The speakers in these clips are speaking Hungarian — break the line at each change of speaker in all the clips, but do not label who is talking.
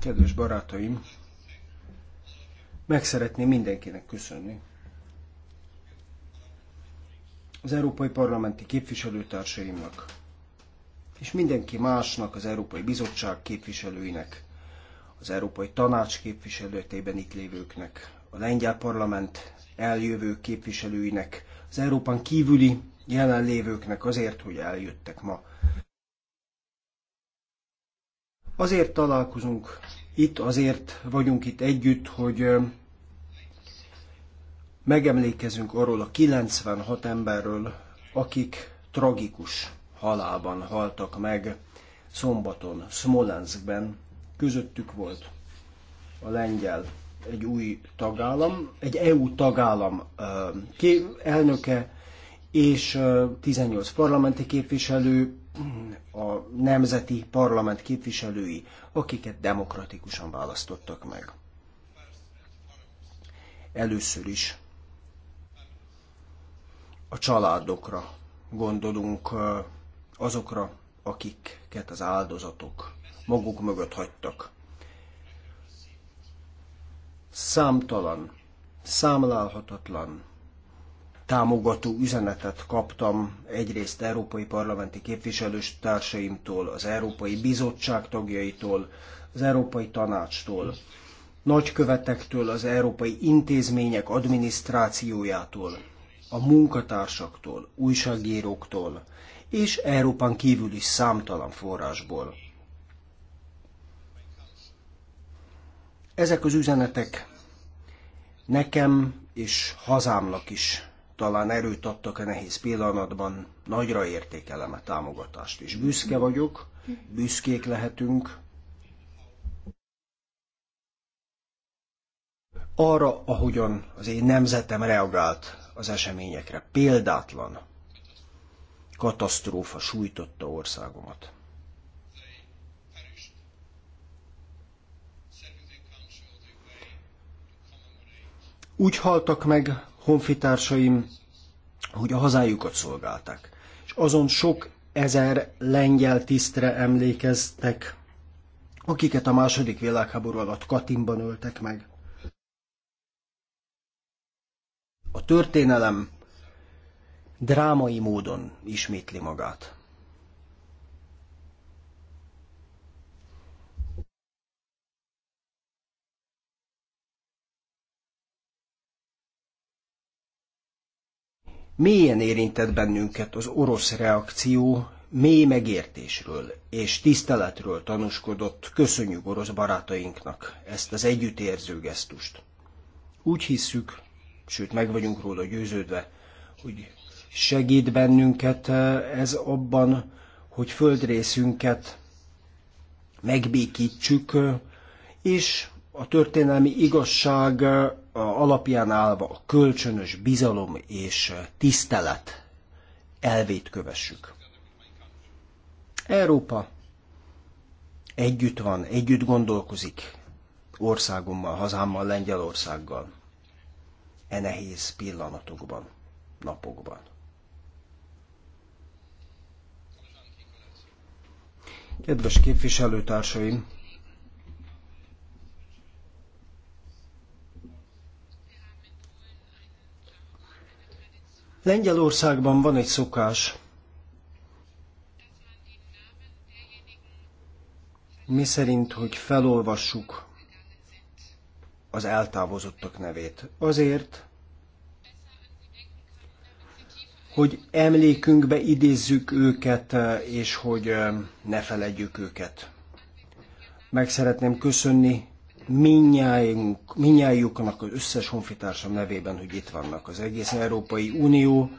Kedves barátaim, meg szeretném mindenkinek köszönni. Az európai parlamenti képviselőtársaimnak, és mindenki másnak, az Európai Bizottság képviselőinek, az Európai Tanács képviselőtében itt lévőknek, a Lengyel Parlament eljövő képviselőinek, az Európán kívüli jelenlévőknek azért, hogy eljöttek ma Azért találkozunk itt, azért vagyunk itt együtt, hogy megemlékezünk arról a 96 emberről, akik tragikus halálban haltak meg szombaton, Smolenskben. Közöttük volt a lengyel egy új tagállam, egy EU tagállam elnöke, és 18 parlamenti képviselő, a nemzeti parlament képviselői, akiket demokratikusan választottak meg. Először is a családokra gondolunk, azokra, akiket az áldozatok maguk mögött hagytak. Számtalan, számlálhatatlan támogató üzenetet kaptam egyrészt európai parlamenti képviselőtársaimtól, az Európai Bizottság tagjaitól, az Európai Tanácstól, nagykövetektől, az európai intézmények adminisztrációjától, a munkatársaktól, újságíróktól, és Európán kívül is számtalan forrásból. Ezek az üzenetek nekem és hazámnak is talán erőt adtak a nehéz pillanatban, nagyra értékelem a támogatást, és büszke vagyok, büszkék lehetünk arra, ahogyan az én nemzetem reagált az eseményekre. Példátlan katasztrófa sújtotta országomat. Úgy haltak meg honfitársaim, hogy a hazájukat szolgálták. És azon sok ezer lengyel tisztre emlékeztek, akiket a második világháború alatt Katinban öltek meg. A történelem drámai módon ismétli magát. mélyen érintett bennünket az orosz reakció, mély megértésről és tiszteletről tanúskodott, köszönjük orosz barátainknak ezt az együttérző gesztust. Úgy hisszük, sőt meg vagyunk róla győződve, hogy segít bennünket eh, ez abban, hogy földrészünket megbékítsük, eh, és a történelmi igazság eh, alapján állva a kölcsönös bizalom és tisztelet elvét kövessük. Európa együtt van, együtt gondolkozik országommal, hazámmal, Lengyelországgal. E nehéz pillanatokban, napokban. Kedves képviselőtársaim! Lengyelországban van egy szokás, mi szerint, hogy felolvassuk az eltávozottak nevét. Azért, hogy emlékünkbe idézzük őket, eh, és hogy eh, ne feledjük őket. Meg szeretném köszönni minnyájuknak az összes honfitársam nevében, hogy itt vannak. Az egész Európai Unió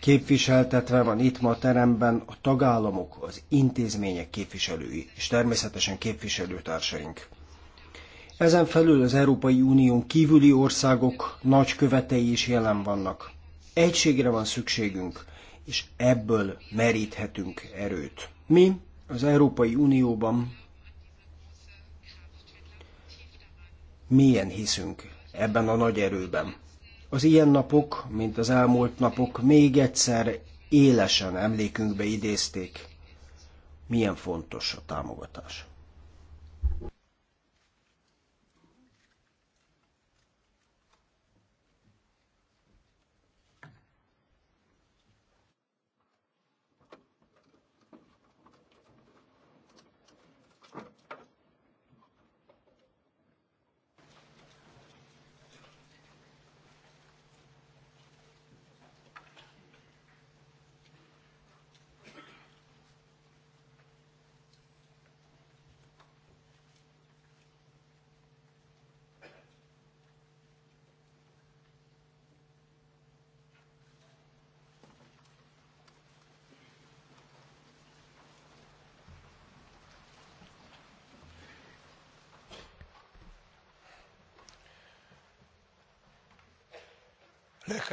képviseltetve van itt ma a teremben a tagállamok, az intézmények képviselői, és természetesen képviselőtársaink. Ezen felül az Európai Unión kívüli országok nagy követei is jelen vannak. Egységre van szükségünk, és ebből meríthetünk erőt. Mi az Európai Unióban mélyen hiszünk ebben a nagy erőben. Az ilyen napok, mint az elmúlt napok még egyszer élesen emlékünkbe idézték, milyen fontos a támogatás.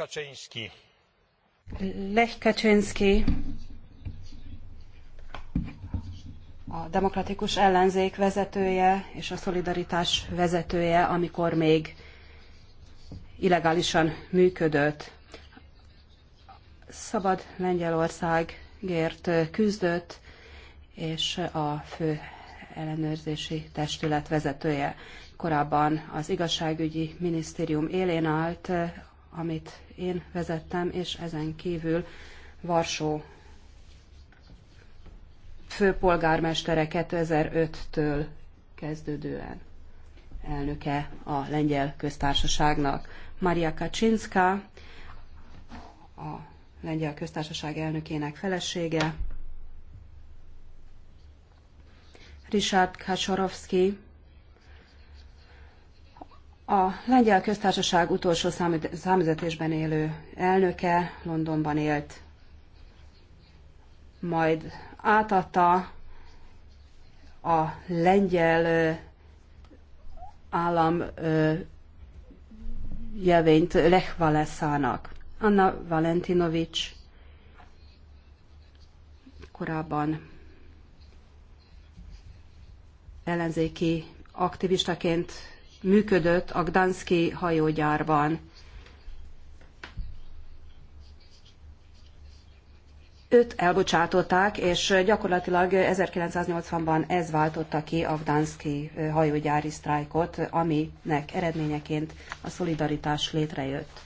Kaczyński.
Lech Kaczyński a demokratikus ellenzék vezetője és a szolidaritás vezetője, amikor még illegálisan működött. Szabad Lengyelországért küzdött, és a fő ellenőrzési testület vezetője. Korábban az igazságügyi minisztérium élén állt, amit én vezettem, és ezen kívül Varsó főpolgármestere 2005-től kezdődően elnöke a lengyel köztársaságnak. Maria Kaczynska, a lengyel köztársaság elnökének felesége, Richard Kaczorowski, a Lengyel Köztársaság utolsó számüzetésben élő elnöke Londonban élt, majd átadta a lengyel állam jelvényt Lech Valeszának. Anna Valentinovics korábban ellenzéki aktivistaként működött a Gdanszki hajógyárban. Őt elbocsátották, és gyakorlatilag 1980-ban ez váltotta ki a Gdanszki hajógyári sztrájkot, aminek eredményeként a szolidaritás létrejött.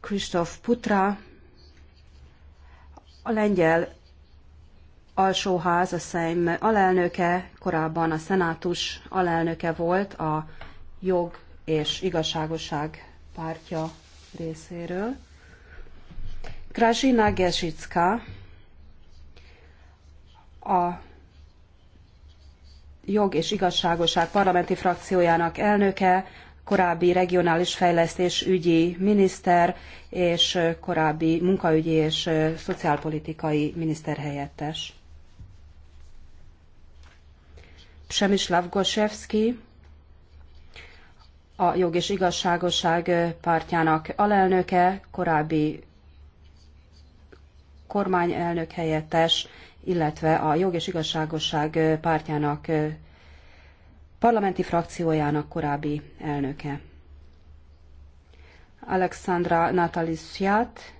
Krzysztof Putra, a lengyel alsóház, a Szejm alelnöke, korábban a szenátus alelnöke volt a jog és igazságosság pártja részéről. Krasina Gesicka a jog és igazságosság parlamenti frakciójának elnöke, korábbi regionális fejlesztés ügyi miniszter és korábbi munkaügyi és szociálpolitikai miniszterhelyettes. Semislav Goszewski, a Jog és Igazságosság pártjának alelnöke, korábbi kormányelnök helyettes, illetve a Jog és Igazságosság pártjának parlamenti frakciójának korábbi elnöke. Alexandra Natalisziát,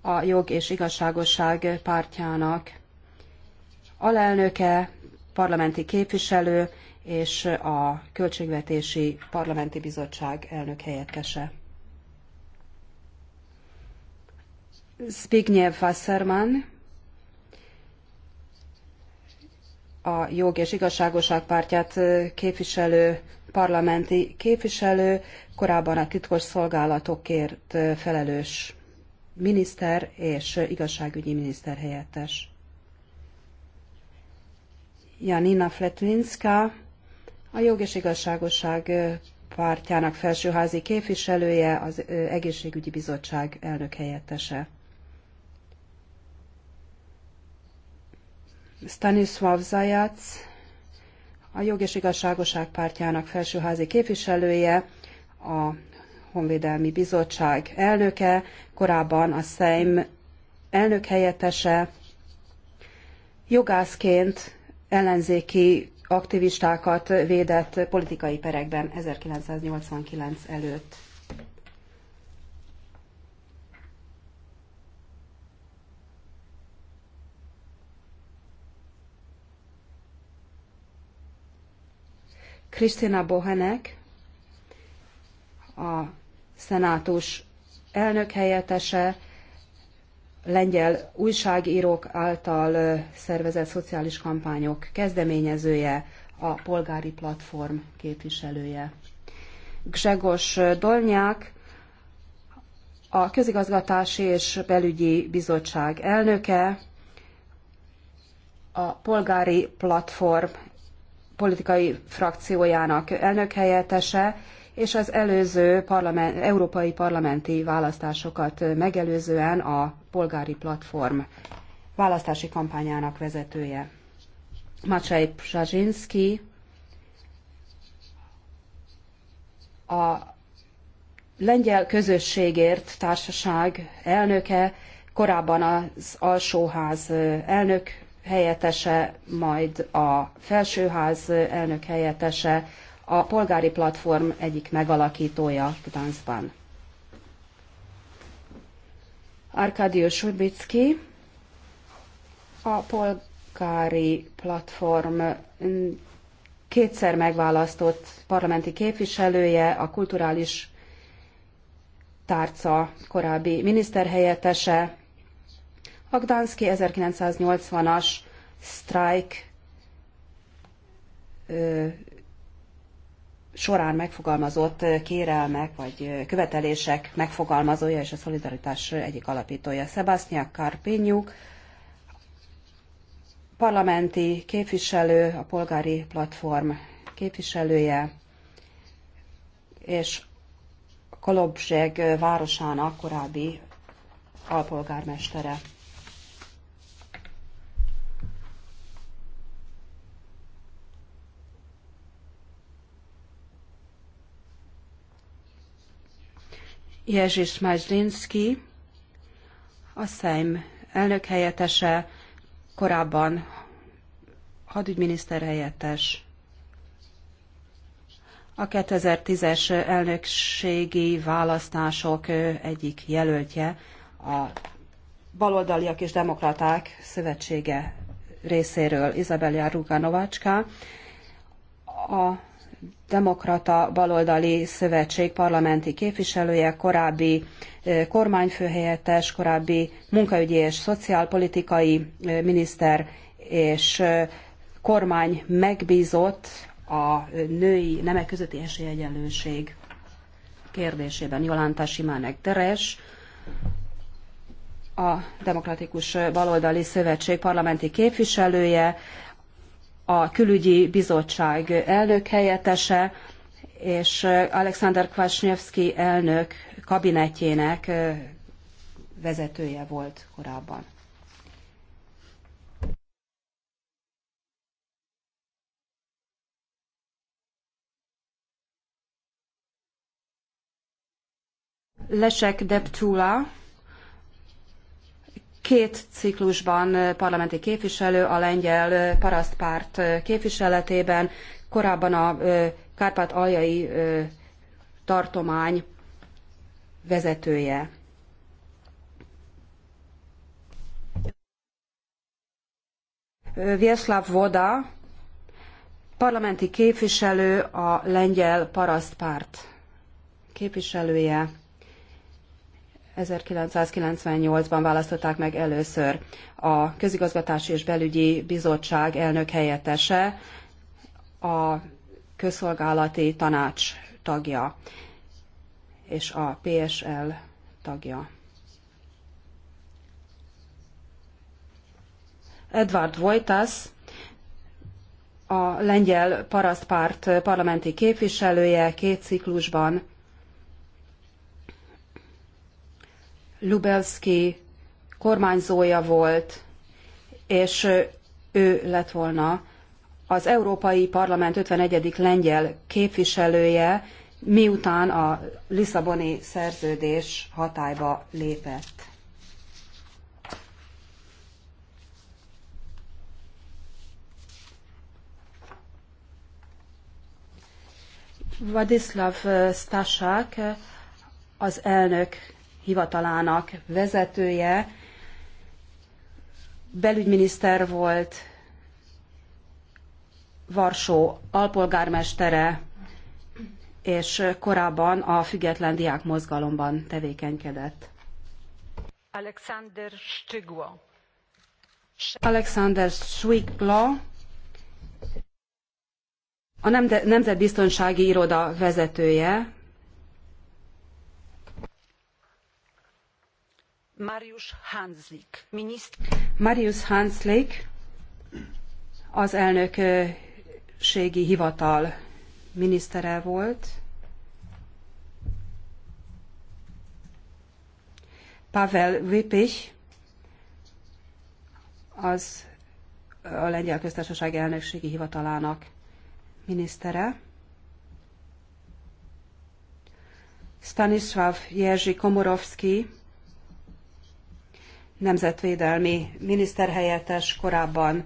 a Jog és Igazságosság pártjának alelnöke, parlamenti képviselő és a Költségvetési Parlamenti Bizottság elnök helyettese. Spigniew Wasserman, a Jog és Igazságoság pártját képviselő parlamenti képviselő, korábban a titkos szolgálatokért felelős miniszter és igazságügyi miniszter helyettes. Janina Fletlinska a Jog és Igazságosság pártjának felsőházi képviselője, az Egészségügyi Bizottság elnök helyettese. Stanislav Zajac, a Jog és Igazságosság pártjának felsőházi képviselője, a Honvédelmi Bizottság elnöke, korábban a Szejm elnök helyettese, jogászként ellenzéki aktivistákat védett politikai perekben 1989 előtt. Kristina Bohenek, a szenátus elnök helyettese, lengyel újságírók által szervezett szociális kampányok kezdeményezője, a polgári platform képviselője. Gzsegos Dolnyák, a Közigazgatási és Belügyi Bizottság elnöke, a polgári platform politikai frakciójának elnökhelyettese, és az előző parlament, európai parlamenti választásokat megelőzően a polgári platform választási kampányának vezetője. Maciej Przazsinski a lengyel közösségért társaság elnöke, korábban az alsóház elnök helyettese, majd a felsőház elnök helyettese, a polgári platform egyik megalakítója Gdanszban. Arkadiusz Surbicki, a polgári platform kétszer megválasztott parlamenti képviselője, a kulturális tárca korábbi miniszterhelyettese. A Gdanszki 1980-as sztrájk során megfogalmazott kérelmek vagy követelések megfogalmazója és a szolidaritás egyik alapítója. Sebastian Carpinyuk, parlamenti képviselő, a polgári platform képviselője, és Kolobzseg városának korábbi alpolgármestere. Jerzy Smajlinski, a Szejm elnök helyettese, korábban hadügyminiszter helyettes. A 2010-es elnökségi választások egyik jelöltje a baloldaliak és demokraták szövetsége részéről Izabella Ruga Novácska, a demokrata baloldali szövetség parlamenti képviselője, korábbi kormányfőhelyettes, korábbi munkaügyi és szociálpolitikai miniszter és kormány megbízott a női nemek közötti esélyegyenlőség kérdésében Jolanta Simánek Teres, a Demokratikus Baloldali Szövetség parlamenti képviselője, a külügyi bizottság elnök helyettese, és Alexander Kwasniewski elnök kabinetjének vezetője volt korábban. Leszek Deptula, két ciklusban parlamenti képviselő a lengyel parasztpárt képviseletében, korábban a Kárpát-aljai tartomány vezetője. Vieslav Voda, parlamenti képviselő, a lengyel parasztpárt képviselője. 1998-ban választották meg először a Közigazgatási és Belügyi Bizottság elnök helyettese, a Közszolgálati Tanács tagja és a PSL tagja. Edward Vojtas, a lengyel parasztpárt parlamenti képviselője két ciklusban Lubelski kormányzója volt, és ő lett volna az Európai Parlament 51. lengyel képviselője, miután a Lisszaboni szerződés hatályba lépett. Vladislav Stasák, az elnök hivatalának vezetője, belügyminiszter volt, Varsó alpolgármestere, és korábban a Független Diák Mozgalomban tevékenykedett. Alexander Stiglo. Alexander Swigla, a Nemzetbiztonsági Iroda vezetője, Marius Hanslik, az elnökségi hivatal minisztere volt. Pavel Vipich, az a Lengyel Köztársaság elnökségi hivatalának minisztere. Stanisław Jerzy Komorowski, nemzetvédelmi miniszterhelyettes, korábban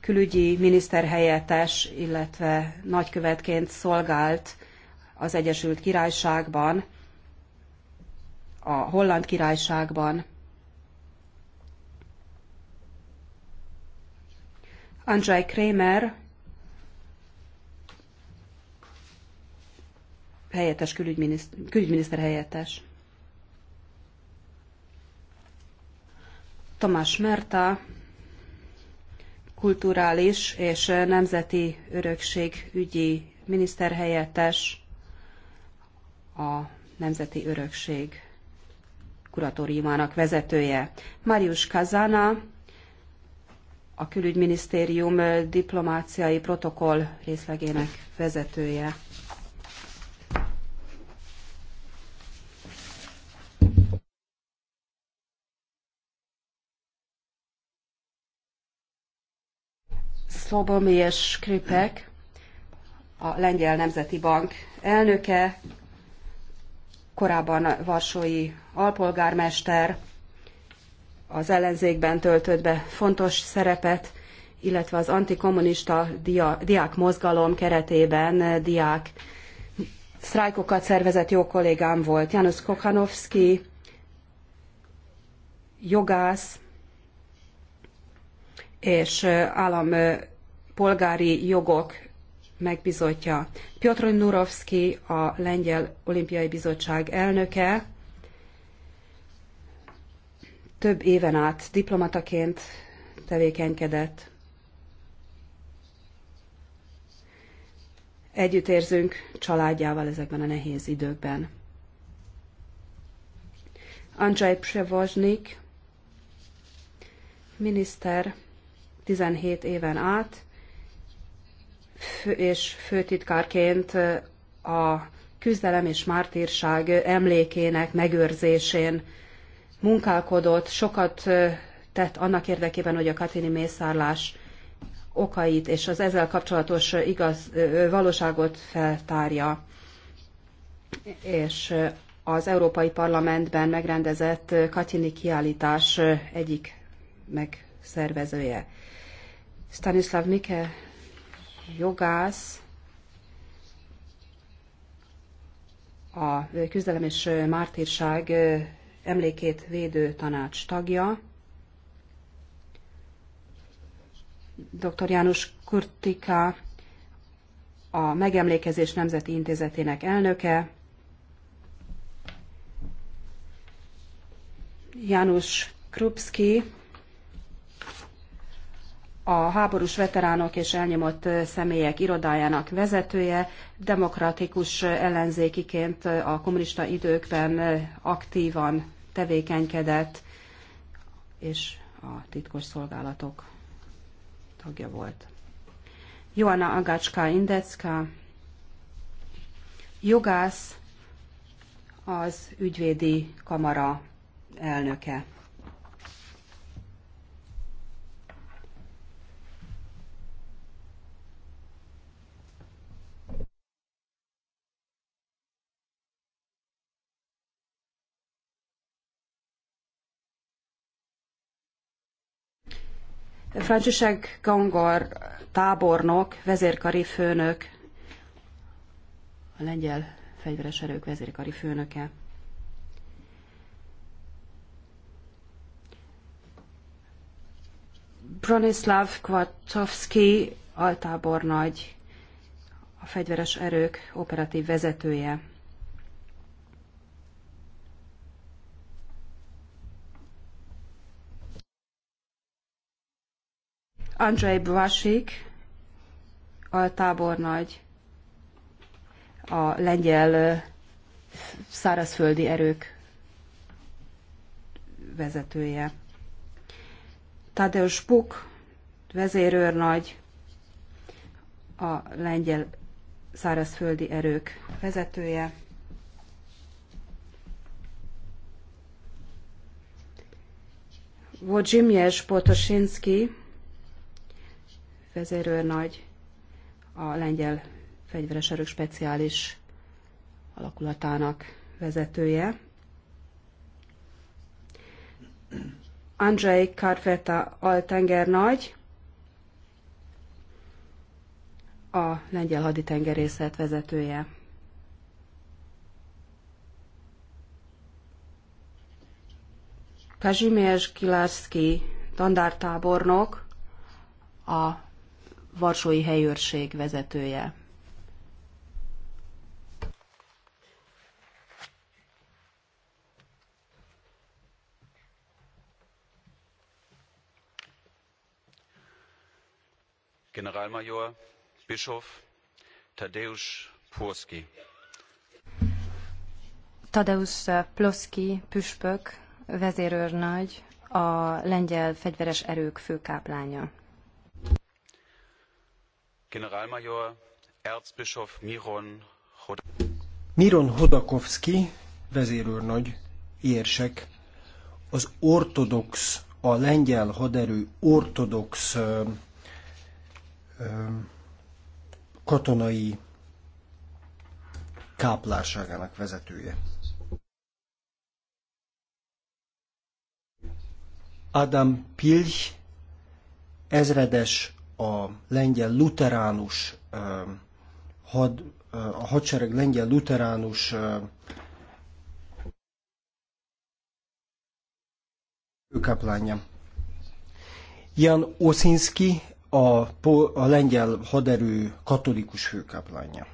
külügyi miniszterhelyettes, illetve nagykövetként szolgált az Egyesült Királyságban, a Holland Királyságban. Andrzej Kramer helyettes külügyminiszter, külügyminiszter helyettes. Tomás Merta kulturális és nemzeti örökség ügyi miniszterhelyettes a Nemzeti Örökség kuratóriumának vezetője. Marius Kazana, a külügyminisztérium diplomáciai protokoll részlegének vezetője. Szobomi Kripek, a Lengyel Nemzeti Bank elnöke, korábban varsói alpolgármester, az ellenzékben töltött be fontos szerepet, illetve az antikommunista dia, diák mozgalom keretében diák sztrájkokat szervezett jó kollégám volt. Janusz Kokhanovski, jogász és állam polgári jogok megbizotja. Piotr Nurovski, a Lengyel Olimpiai Bizottság elnöke, több éven át diplomataként tevékenykedett. Együttérzünk családjával ezekben a nehéz időkben. Andrzej Przewoznik, miniszter 17 éven át, és főtitkárként a küzdelem és mártírság emlékének megőrzésén munkálkodott, sokat tett annak érdekében, hogy a katini mészárlás okait és az ezzel kapcsolatos igaz, valóságot feltárja. És az Európai Parlamentben megrendezett Katini kiállítás egyik megszervezője. Stanislav Mike jogász a küzdelem és mártírság emlékét védő tanács tagja. Dr. János Kurtika a Megemlékezés Nemzeti Intézetének elnöke. János Krupski a háborús veteránok és elnyomott személyek irodájának vezetője, demokratikus ellenzékiként a kommunista időkben aktívan tevékenykedett, és a titkos szolgálatok tagja volt. Joanna Agácska Indecka, jogász, az ügyvédi kamara elnöke. Franciszek Gongor tábornok, vezérkari főnök, a lengyel fegyveres erők vezérkari főnöke. Bronislav Kwiatkowski altábornagy, a fegyveres erők operatív vezetője. Blasik, a tábornagy, a lengyel szárazföldi erők vezetője. Tadeusz Puk, vezérőrnagy, a lengyel szárazföldi erők vezetője. Vodzsimjes Potosinski, vezérőrnagy, a lengyel fegyveres erők speciális alakulatának vezetője. Andrzej Karfeta altengernagy, a lengyel haditengerészet vezetője. Kazimierz Kilarski tandártábornok, a Varsói helyőrség vezetője. Generalmajor Bischof Tadeusz Płoski. Tadeusz Płoski püspök, vezérőrnagy, a lengyel fegyveres erők főkáplánya. Generalmajor Erzbischof Miron
Miron Hodakowski, vezérőrnagy, érsek, az ortodox, a lengyel haderő ortodox ö, ö, katonai káplárságának vezetője. Adam Pilch ezredes a lengyel luteránus had, a hadsereg lengyel luteránus főkaplánya. Jan Oszinski, a, a lengyel haderő katolikus főkaplánya.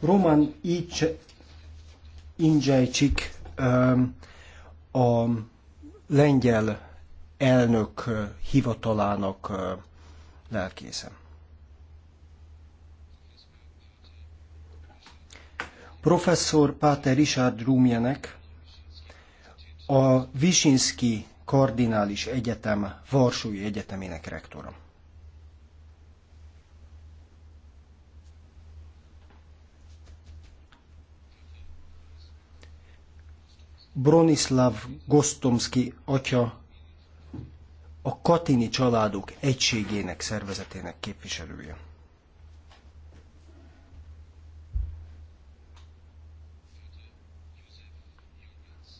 Roman Indzsajcsik a lengyel elnök hivatalának lelkésze. Professzor Páter Richard Rumjenek a Visinski Kardinális Egyetem Varsói Egyetemének rektora. Bronislav Gostomski atya a Katini családok egységének szervezetének képviselője.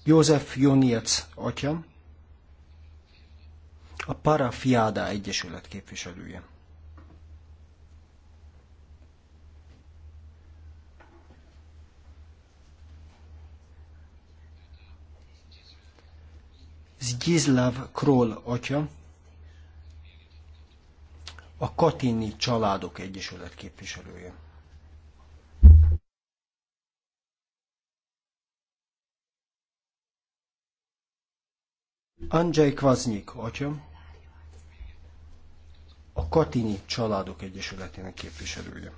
József Joniec atya, a Parafiáda Egyesület képviselője. Kizláv Kroll atya, a Katini Családok Egyesület képviselője. Andrzej Kvaznyik atya, a Katini Családok Egyesületének képviselője.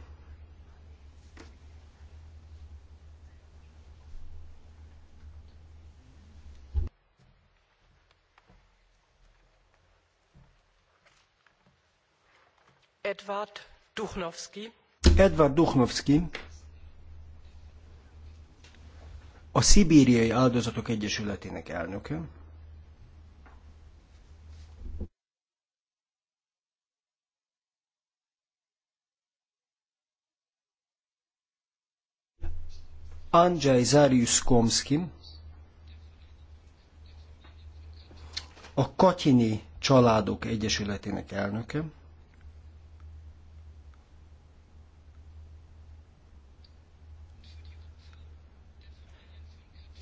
Edward Duchnowski.
Edward Duchnowski a Szibériai Áldozatok Egyesületének elnöke. Andrzej Zarius Komski, a Katyini Családok Egyesületének elnöke.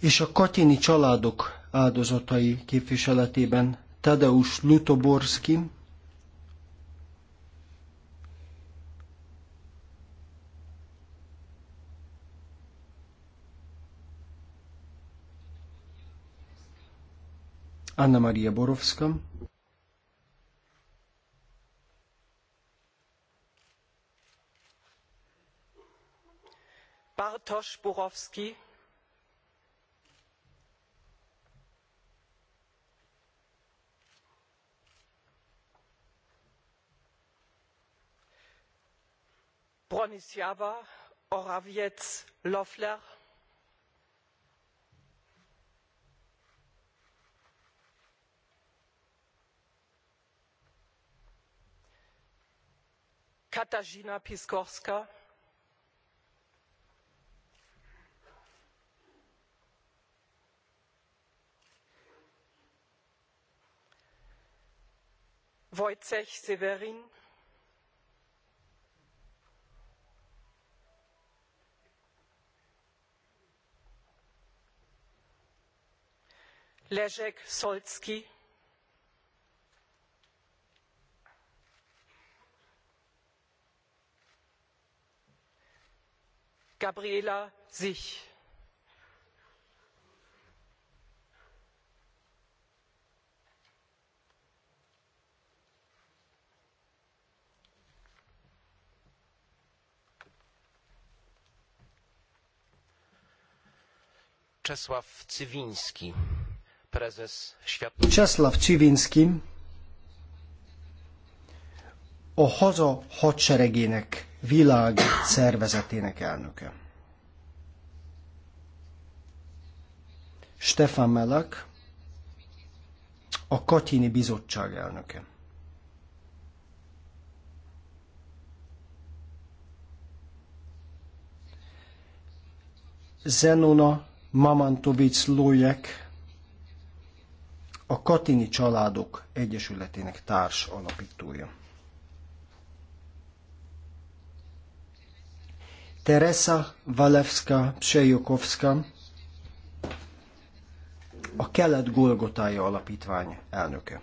és a Katini családok áldozatai képviseletében Tadeusz Lutoborski, Anna Maria Borowska, Bartosz Borowski, bronisawa orawiec loeffler
katarzyna piskorska
wojciech seweryn
leszek solski gabriela sich
Czesław Cywiński. Czesław Csivinszki a haza hadseregének világ szervezetének elnöke. Stefan Melek a Katini Bizottság elnöke. Zenona Mamantovic Lójek a Katini Családok Egyesületének társ alapítója. Teresa Walewska Psejokovska, a Kelet Golgotája Alapítvány elnöke.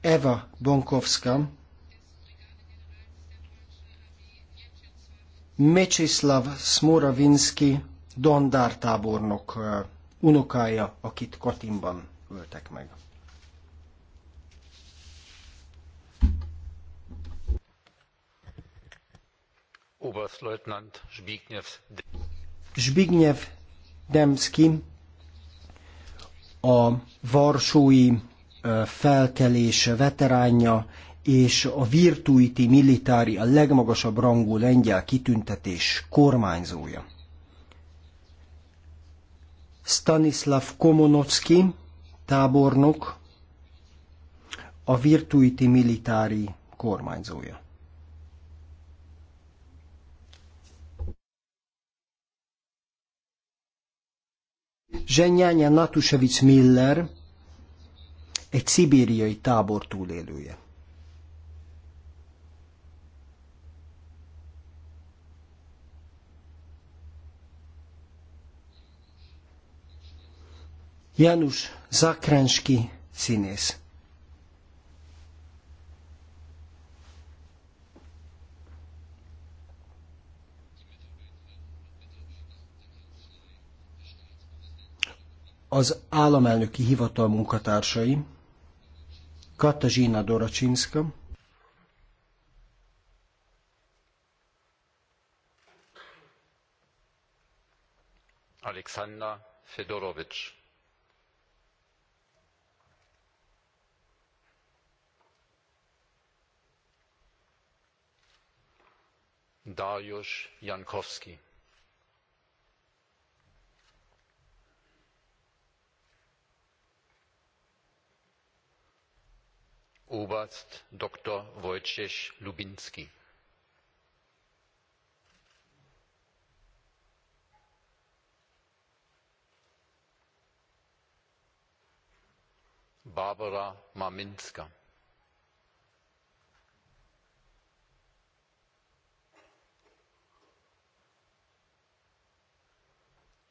Eva Bonkovska, Mecsislav Smoravinski, Dandár tábornok unokája, akit Katinban öltek meg.
Oberstleutnant Zbigniew
Zbigniew Demszki a Varsói felkelés veteránja és a Virtuiti Militári a legmagasabb rangú lengyel kitüntetés kormányzója. Stanislav Komonocki tábornok, a Virtuiti Militári kormányzója. Zsenyánya Natusevic Miller, egy szibériai tábor túlélője. Janusz Zakrenski színész. Az államelnöki hivatal munkatársai Katazsina Doracsinska,
Alexander Fedorovics. Dariusz Jankowski.
Oberst Dr. Wojciech Lubinski.
Barbara Maminska.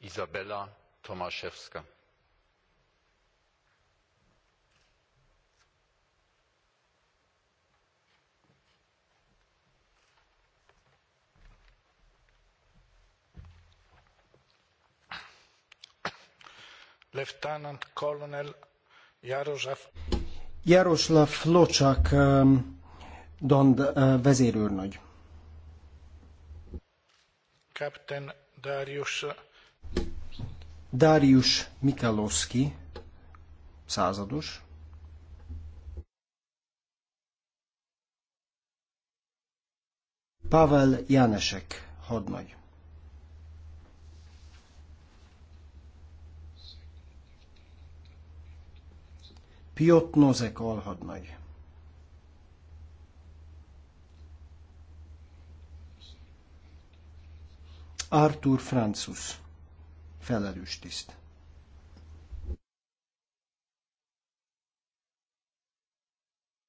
Izabela Tomaszewska.
Lieutenant Colonel Jaroslav Jaroslav Locsak Dand e, vezérőrnagy. Captain Darius Darius Mikeloszki, százados, Pavel Jánesek, hadnagy. Piotr Nozek alhadnagy. Arthur Francus felelős tiszt.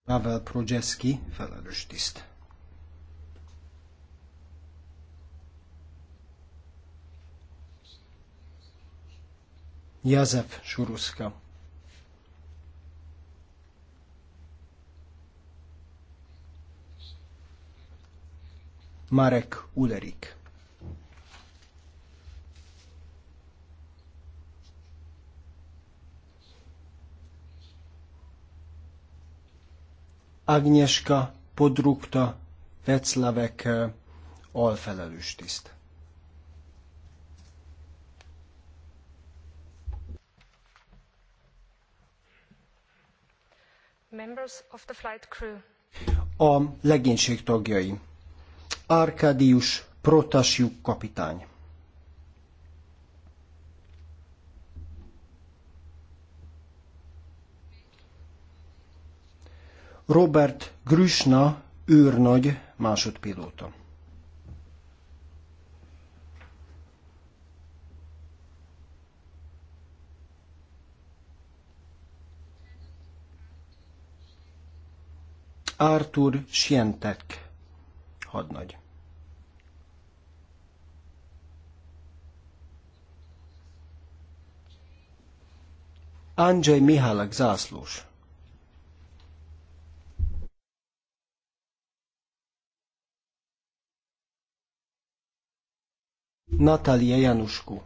Pavel Projeski, felelős tiszt. Jazef Suruska. Marek Ulerik. Agnieszka Podrukta Veclavek alfelelős tiszt.
Members of the flight crew.
A legénység tagjai. Arkadius Protasjuk kapitány. Robert Grüsna őrnagy másodpilóta. Arthur Sientek hadnagy. Andrzej Mihalak zászlós. Natalia Januszku,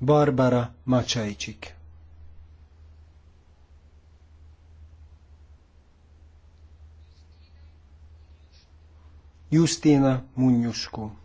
Barbara Macsajcsik. Justina Munnyuskó.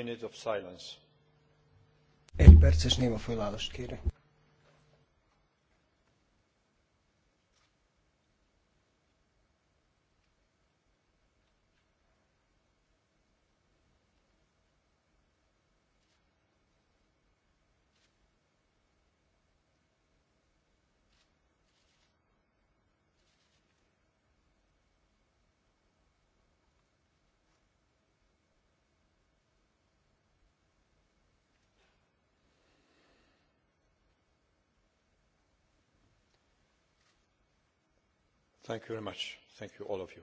minute of silence. Egy perces néma fölállást kérek. Thank you very much. Thank you, all of you.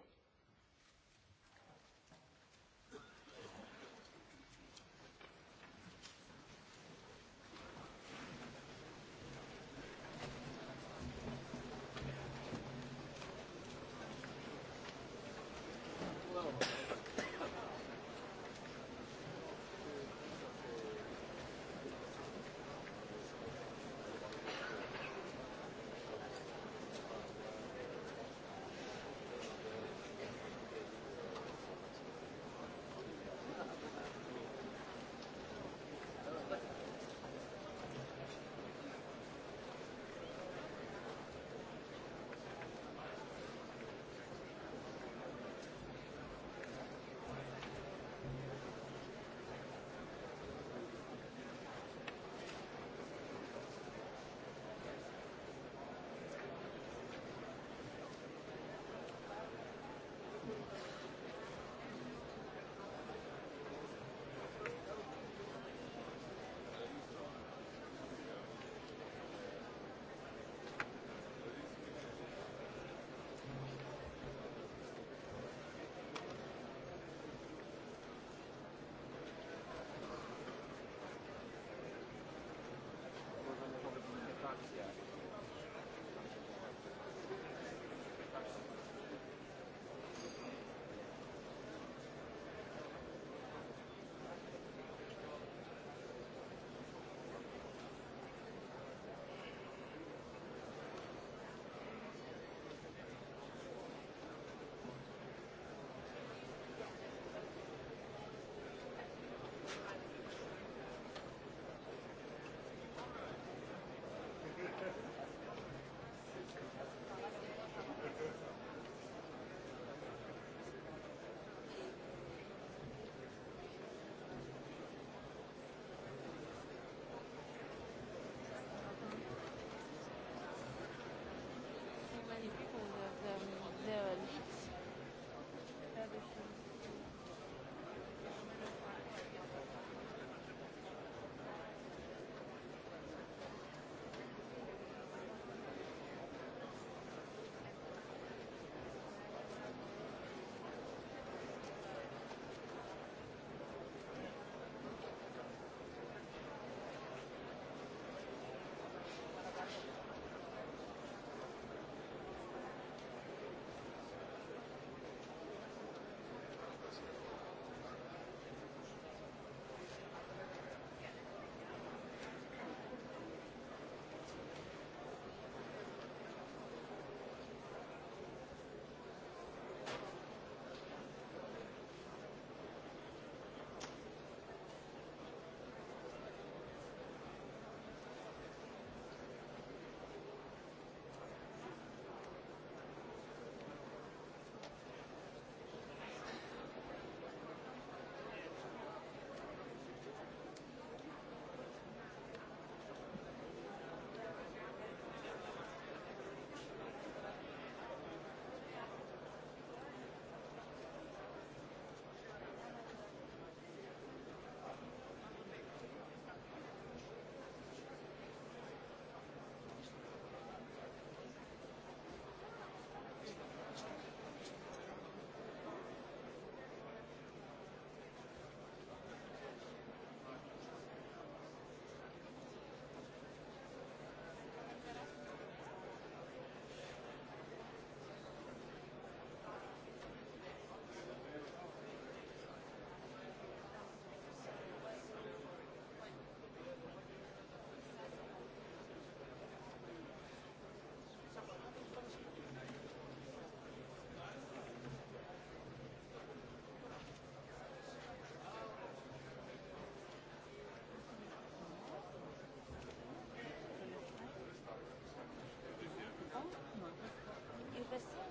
especie